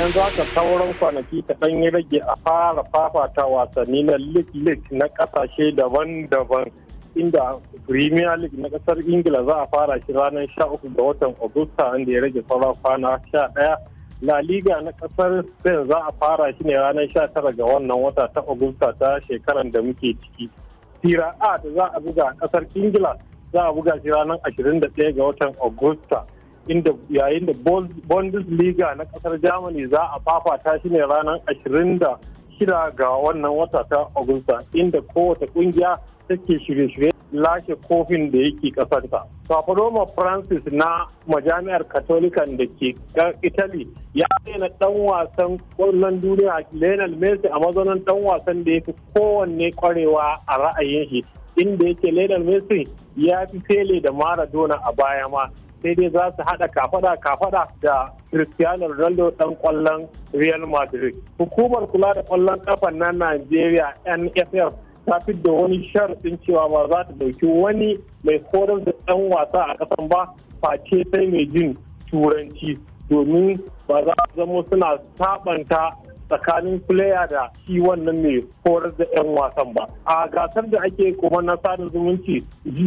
yanzu haka sauran kwanaki kaɗan ya rage a fara fafata wasanni na league league na ƙasashe daban-daban inda premier league na ƙasar ingila za a fara shi ranar 13 ga watan agusta inda ya rage sauran kwana 11 La Liga na kasar Spain za a fara shi ne ranar 19 ga wannan wata ta Agusta ta shekarar da muke ciki. Sira A da za a buga a kasar Ingila za a buga shi ranar 21 ga watan Agusta. yayin da bundesliga na kasar germany za a fafata shi ne ranar 26 ga wannan wata ta agusta inda kowace kungiya take shirye-shirye lashe kofin da yake kasarta. Paparoma Francis na majami'ar Katolikan da ke Italy ya daina dan wasan kwallon duniya Lionel Messi a mazaunin dan wasan da ya fi kowanne kwarewa a ra'ayin shi inda yake Lionel Messi ya fi fele da Maradona a baya ma sai dai za su hada kafada kafada da Cristiano Ronaldo ɗan ƙwallon Real Madrid. Hukumar kula da ƙwallon ƙafa na nigeria NFF ta da wani sharaɗin cewa ba za ta dauki wani mai horar da ɗan wasa a ƙasan ba face sai mai jin turanci domin ba za su zama suna sabanta tsakanin kuleya da shi wannan ne horar da 'yan wasan ba a gasar da ake kuma na sada zumunci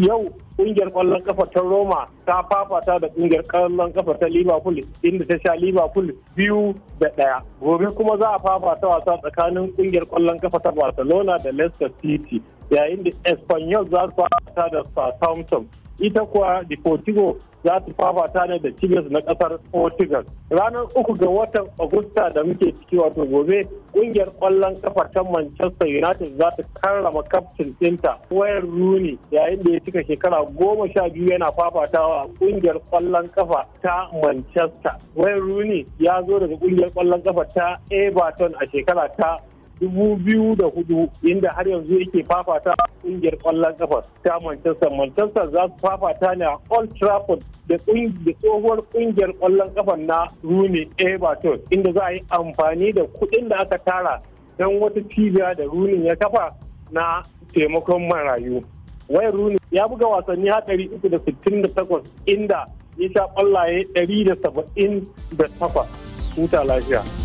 yau kungiyar kwallon kafa ta roma ta fafata da kungiyar kwallon kafa ta liverpool inda ta sha liverpool biyu da daya gobe kuma za a fafata wasa tsakanin kungiyar kwallon kafa ta barcelona da leicester city yayin da espanyol za su fafata da southampton ita kuwa deportivo za ta fafata ne da Chivas na kasar Portugal. Ranar uku ga watan Agusta da muke ciki wato gobe kungiyar kwallon kafar ta Manchester United za ta karrama kaftin ɗinta Wayne Rooney yayin da ya cika shekara goma sha biyu yana fafatawa a kungiyar kwallon kafa ta Manchester. Wayne Rooney ya zo daga kungiyar kwallon kafa ta Everton a shekara ta dubu biyu da hudu inda har yanzu yake fafata kungiyar kwallon kafa ta Manchester. Manchester za su fafata ne a Old Trafford da tsohuwar kungiyar kwallon kafa na Rooney Everton inda za a yi amfani da kuɗin da aka tara don wata cibiya da Rooney ya kafa na taimakon marayu. wayan Rooney ya buga wasanni haɗari uku da sittin da takwas inda ya sha kwallaye ɗari da saba'in da takwas. Huta lafiya.